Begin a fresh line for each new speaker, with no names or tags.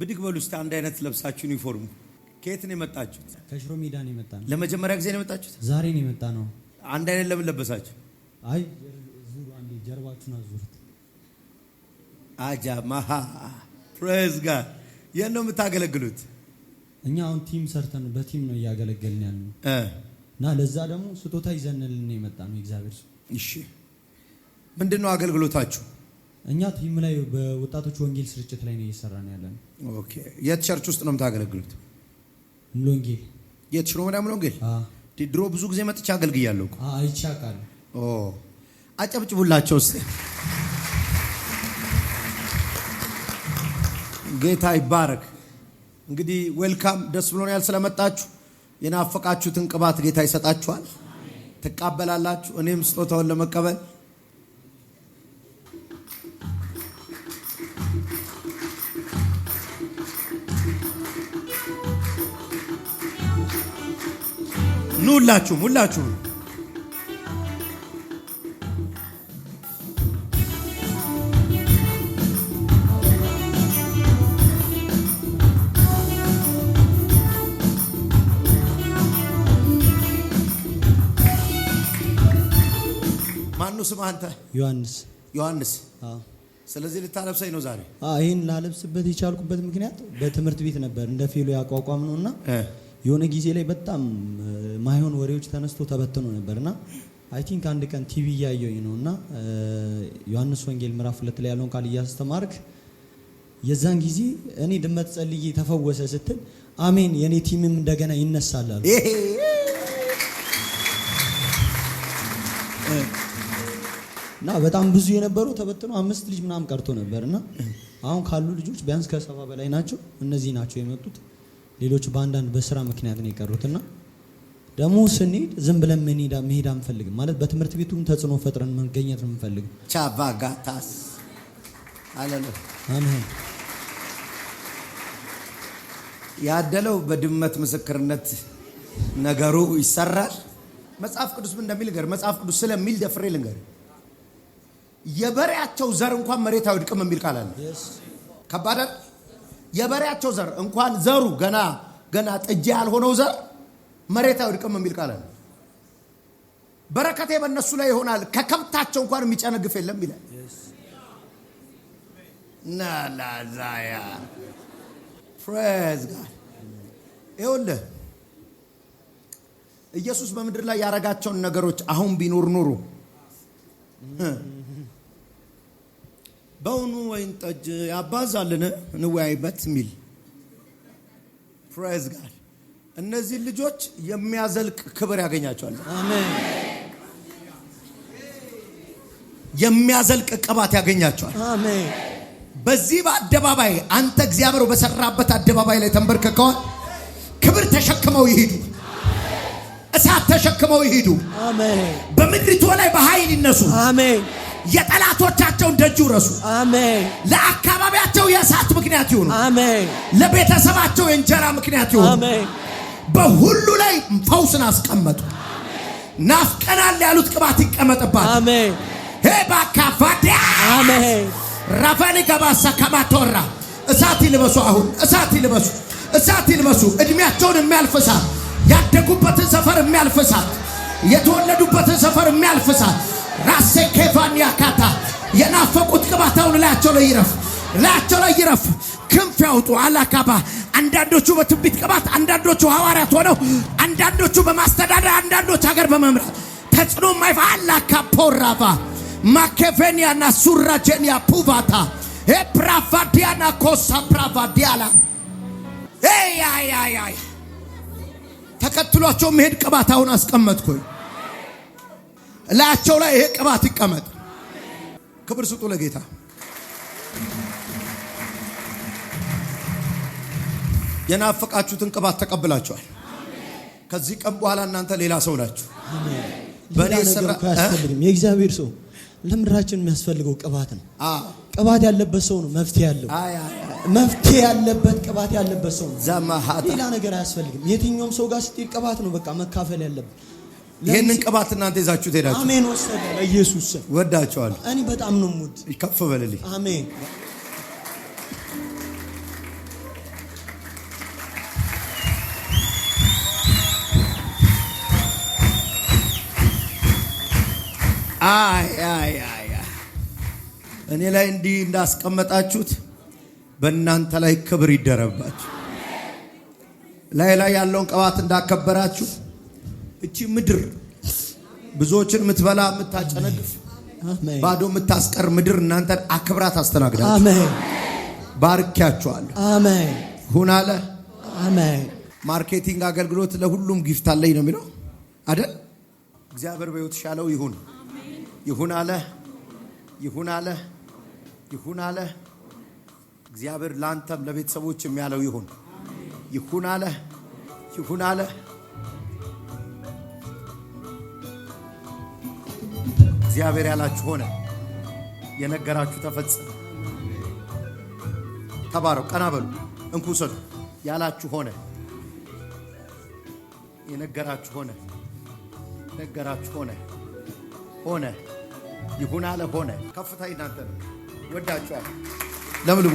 ብድግ በሉ ውስጥ አንድ አይነት ለብሳችሁ ዩኒፎርሙ ከየት ነው የመጣችሁት?
ከሽሮ ሜዳ ነው የመጣ ነው።
ለመጀመሪያ ጊዜ ነው የመጣችሁት?
ዛሬ ነው የመጣ ነው።
አንድ አይነት ለምን ለበሳችሁ?
አይ ዙሩ አንዴ ጀርባችሁን አዙሩት።
አጃ ማሃ ፕሬዝ ጋድ የት ነው የምታገለግሉት?
እኛ አሁን ቲም ሰርተን በቲም ነው እያገለገልን ያለው እና ለዛ ደግሞ ስጦታ ይዘንልን የመጣ ነው እግዚአብሔር።
እሺ ምንድን ነው አገልግሎታችሁ?
እኛ ቲም ላይ በወጣቶች ወንጌል ስርጭት ላይ ነው እየሰራ ነው ያለን።
ኦኬ የት ቸርች ውስጥ ነው የምታገለግሉት? ሙሉ ወንጌል የት ሽሮ መዳም ወንጌል። ድሮ ብዙ ጊዜ መጥቼ አገልግያለሁ። አይቻቃል አጨብጭቡላቸው ስ ጌታ ይባረክ። እንግዲህ ዌልካም፣ ደስ ብሎናል ስለመጣችሁ። የናፈቃችሁትን ቅባት ጌታ ይሰጣችኋል፣ ትቃበላላችሁ። እኔም ስጦታውን ለመቀበል ኑ ሁላችሁም ሁላችሁም ማኑ ስም አንተ? ዮሐንስ ዮሐንስ። ስለዚህ ልታለብሰኝ ነው ዛሬ?
ይህን ላለብስበት የቻልኩበት ምክንያት በትምህርት ቤት ነበር እንደ ፌሎ ያቋቋም ነው እና የሆነ ጊዜ ላይ በጣም ማይሆን ወሬዎች ተነስቶ ተበትኖ ነበር እና አይ ቲንክ አንድ ቀን ቲቪ እያየኝ ነው እና ዮሐንስ ወንጌል ምዕራፍ ሁለት ላይ ያለውን ቃል እያስተማርክ የዛን ጊዜ እኔ ድመት ጸልዬ ተፈወሰ ስትል አሜን፣ የእኔ ቲምም እንደገና ይነሳል እና በጣም ብዙ የነበረው ተበትኖ አምስት ልጅ ምናምን ቀርቶ ነበር እና አሁን ካሉ ልጆች ቢያንስ ከሰባ በላይ ናቸው። እነዚህ ናቸው የመጡት። ሌሎች በአንዳንድ በስራ ምክንያት ነው የቀሩትና ደግሞ ስንሄድ ዝም ብለን መሄድ አንፈልግም። ማለት በትምህርት ቤቱም ተጽዕኖ ፈጥረን መገኘት ነው የምንፈልግም።
ቻቫጋታስ አሜን። ያደለው በድመት ምስክርነት ነገሩ ይሰራል። መጽሐፍ ቅዱስ ምን እንደሚል ገር መጽሐፍ ቅዱስ ስለሚል ደፍሬ ልንገር፣ የበሬያቸው ዘር እንኳን መሬት አይወድቅም የሚል ቃል አለ። ከባድ የበሬያቸው ዘር እንኳን ዘሩ ገና ገና ጥጃ ያልሆነው ዘር መሬት አይወድቅም የሚል ቃል አለ። በረከቴ በእነሱ ላይ ይሆናል፣ ከከብታቸው እንኳን የሚጨነግፍ የለም ይላል። ናላዛያ ፕሬዝ ጋድ ይኸውልህ ኢየሱስ በምድር ላይ ያረጋቸውን ነገሮች አሁን ቢኖር ኑሩ
በውኑ ወይን ጠጅ ያባዛልን እንወያይበት የሚል
ፕሬዝ ጋድ እነዚህ ልጆች የሚያዘልቅ ክብር ያገኛቸዋል። አሜን። የሚያዘልቅ ቅባት ያገኛቸዋል። አሜን። በዚህ በአደባባይ አንተ እግዚአብሔር በሰራበት አደባባይ ላይ ተንበርክከዋል። ክብር ተሸክመው ይሄዱ፣ እሳት ተሸክመው ይሄዱ። አሜን። በምድሪቱ ላይ በኃይል ይነሱ። የጠላቶቻቸውን ደጅ ረሱ። ለአካባቢያቸው የእሳት ምክንያት ይሆኑ። ለቤተሰባቸው የእንጀራ ምክንያት ይሆኑ። በሁሉ ላይ ፈውስን አስቀመጡ። ናፍቀናል ያሉት ቅባት ይቀመጥባት። አሜን። ሄ ባካፋዳ አሜን። ራፋኒ ገባሳ ከማቶራ እሳት ይልበሱ። አሁን እሳት ይልበሱ። እሳት ይልበሱ። እድሜያቸውን የሚያልፍ ያደጉበትን ሰፈር የሚያልፍ የተወለዱበትን ሰፈር የሚያልፍ ራሴ ኬፋን ያካታ የናፈቁት ቅባት ላያቸው ላይ ይረፍ፣ ላያቸው ላይ ይረፍ። ክንፍ ያውጡ አላካባ አንዳንዶቹ በትንቢት ቅባት፣ አንዳንዶቹ ሐዋርያት ሆነው፣ አንዳንዶቹ በማስተዳደር፣ አንዳንዶች ሀገር በመምራት ተጽዕኖ ማይፋ አላካፖራቫ ማኬቬኒያ ና ሱራጀኒያ ፑቫታ ኤፕራቫዲያና ኮሳ ፕራቫዲያላ ያያያያ ተከትሏቸው መሄድ ቅባት አሁን አስቀመጥኩኝ። ላያቸው ላይ ይሄ ቅባት ይቀመጥ። ክብር ስጡ ለጌታ። የናፈቃችሁትን ቅባት ተቀብላችኋል። ከዚህ ቀን በኋላ እናንተ ሌላ ሰው ናችሁ።
በእኔ የእግዚአብሔር ሰው ለምድራችን የሚያስፈልገው ቅባት ነው። ቅባት ያለበት ሰው ነው መፍትሄ ያለው። መፍትሄ ያለበት ቅባት ያለበት ሰው ነው። ሌላ ነገር አያስፈልግም። የትኛውም ሰው ጋር ስትሄድ ቅባት ነው በቃ መካፈል ያለበት።
ይህንን ቅባት እናንተ ይዛችሁ ትሄዳችሁ።
አሜን። ወሰደ ኢየሱስ ወዳቸዋል። እኔ በጣም ነው ሙድ ከፍ በልልኝ። አሜን
አይ አይ አይ እኔ ላይ እንዲህ እንዳስቀመጣችሁት በእናንተ ላይ ክብር ይደረባችሁ። ላይ ላይ ያለውን ቅባት እንዳከበራችሁ እቺ ምድር ብዙዎችን የምትበላ የምታጨነግፍ ባዶ የምታስቀር ምድር እናንተን አክብራ ታስተናግዳችሁ። አሜን። አሜን። ሁን አለ። አሜን። ማርኬቲንግ አገልግሎት ለሁሉም ጊፍት አለኝ ነው የሚለው አይደል? እግዚአብሔር በሕይወት ሻለው ይሁን። ይሁን አለ፣ ይሁን አለ፣ ይሁን አለ። እግዚአብሔር ለአንተም ለቤተሰቦች የሚያለው ይሁን አለ፣ ይሁን አለ። እግዚአብሔር ያላችሁ ሆነ፣ የነገራችሁ ተፈጸመ። ተባረው፣ ቀና በሉ፣ እንኩሰዱ ያላችሁ ሆነ፣ የነገራችሁ ሆነ፣ ነገራችሁ ሆነ ሆነ ይሁን አለ ሆነ። ከፍታ ይናንተ ነው። ወዳችኋል።